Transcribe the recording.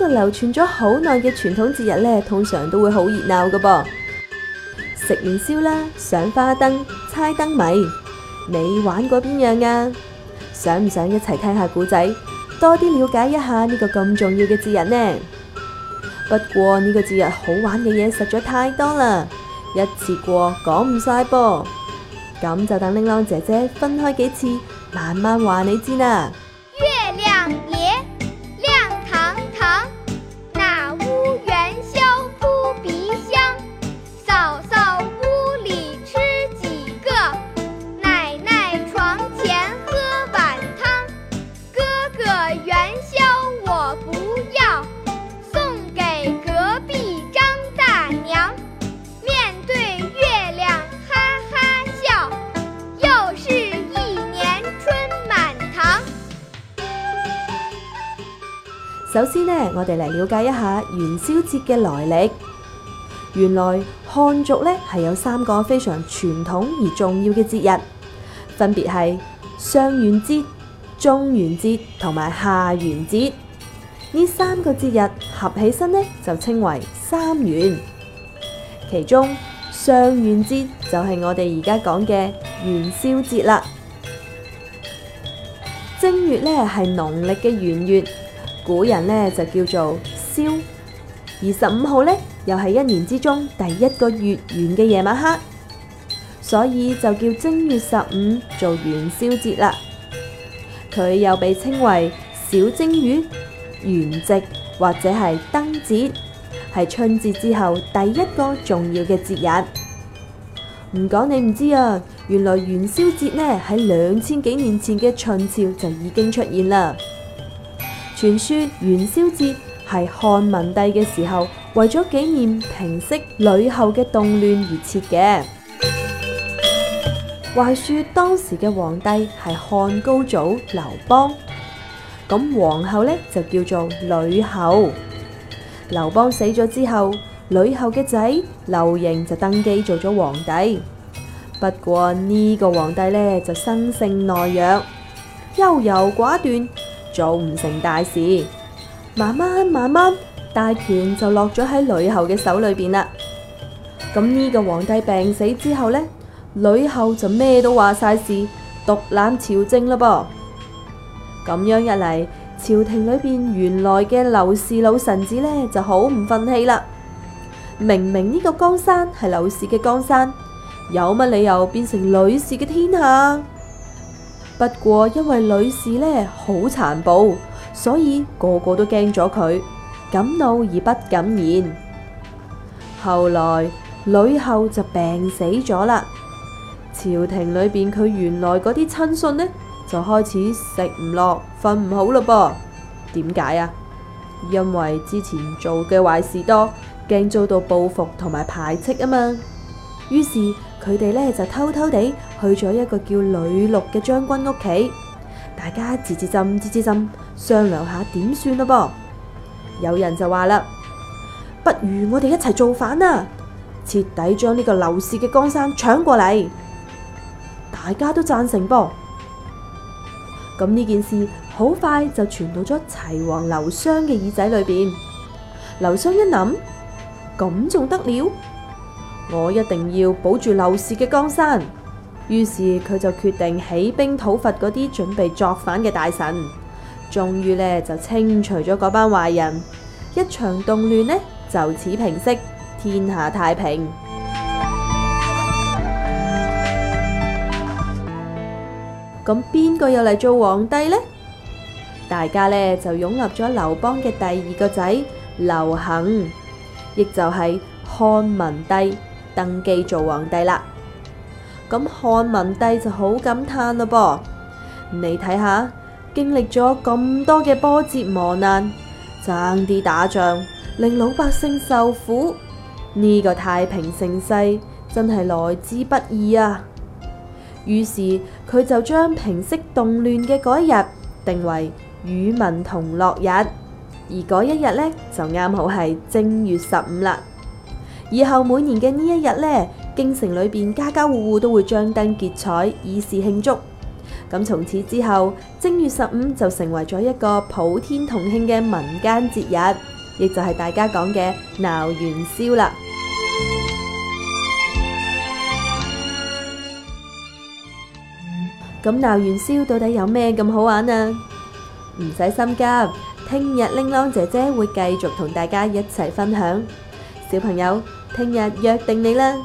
呢個流傳咗好耐嘅傳統節日呢，通常都會好熱鬧嘅噃，食元宵啦，上花燈，猜燈謎，你玩過邊樣啊？想唔想一齊聽一下古仔，多啲了解一下呢個咁重要嘅節日呢？不過呢個節日好玩嘅嘢實在太多啦，一次過講唔晒噃，咁就等玲瓏姐姐分開幾次，慢慢話你知啦。元宵我不要，送給隔壁張大娘。面對月亮哈哈笑，又是一年春滿堂。首先呢，我哋嚟了解一下元宵節嘅來歷。原來漢族呢係有三個非常傳統而重要嘅節日，分別係上元節。中元節同埋下元節，呢三個節日合起身呢，就稱為三元。其中上元節就係我哋而家講嘅元宵節啦。正月呢係農曆嘅元月，古人呢就叫做宵。而十五號呢，又係一年之中第一個月圓嘅夜晚黑，所以就叫正月十五做元宵節啦。佢又被稱為小正月、元夕或者係燈節，係春節之後第一個重要嘅節日。唔講你唔知啊，原來元宵節呢喺兩千幾年前嘅秦朝就已經出現啦。傳說元宵節係漢文帝嘅時候為咗紀念平息呂后嘅動亂而設嘅。話說當時嘅皇帝係漢高祖劉邦，咁皇后呢就叫做呂后。劉邦死咗之後，呂后嘅仔劉盈就登基做咗皇帝。不過呢、呢個皇帝呢就生性懦弱，優柔寡斷，做唔成大事。慢慢慢慢，大權就落咗喺呂后嘅手裏邊啦。咁、呢、呢個皇帝病死之後呢，.呂后就咩都話晒事，獨攬朝政噃。噉樣一嚟，朝廷裏邊原來嘅劉氏老臣子呢就好唔忿氣啦。明明呢個江山係劉氏嘅江山，有乜理由變成呂氏嘅天下？不過因為呂氏呢好殘暴，所以個個都驚咗佢，敢怒而不敢言。後來呂后就病死咗啦。朝廷裏邊佢原來嗰啲親信呢，就開始食唔落、瞓唔好嘞噃，點解啊？因為之前做嘅壞事多，驚遭到報復同埋排斥啊嘛。於是佢哋呢，就偷偷地去咗一個叫呂祿嘅將軍屋企，大家自自斟自自斟商量下點算嘞噃。有人就話啦，不如我哋一齊造反啊，徹底將呢個劉氏嘅江山搶過嚟。大家都贊成噃。咁呢件事好快就傳到咗齊王劉襄嘅耳仔裏邊。劉襄一諗，咁仲得了？我一定要保住劉氏嘅江山。於是佢就決定起兵討伐嗰啲準備作反嘅大臣。終於呢，就清除咗嗰班壞人，一場動亂呢，就此平息，天下太平。咁邊個又嚟做皇帝呢？大家呢就擁立咗劉邦嘅第二個仔劉恒，亦就係漢文帝登基做皇帝啦。咁漢文帝就好感嘆啦噃，你睇下，經歷咗咁多嘅波折磨難，爭啲打仗令老百姓受苦，呢個太平盛世真係來之不易啊！於是佢就將平息動亂嘅嗰一日定為與民同樂日，而嗰一日呢，就啱好係正月十五啦。以後每年嘅呢一日呢，京城裏邊家家戶戶都會張燈結綵，以示慶祝。咁從此之後，正月十五就成為咗一個普天同慶嘅民間節日，亦就係大家講嘅鬧元宵啦。咁鬧元宵到底有咩咁好玩啊？唔使心急，聽日玲瓏姐姐會繼續同大家一齊分享。小朋友，聽日約定你啦！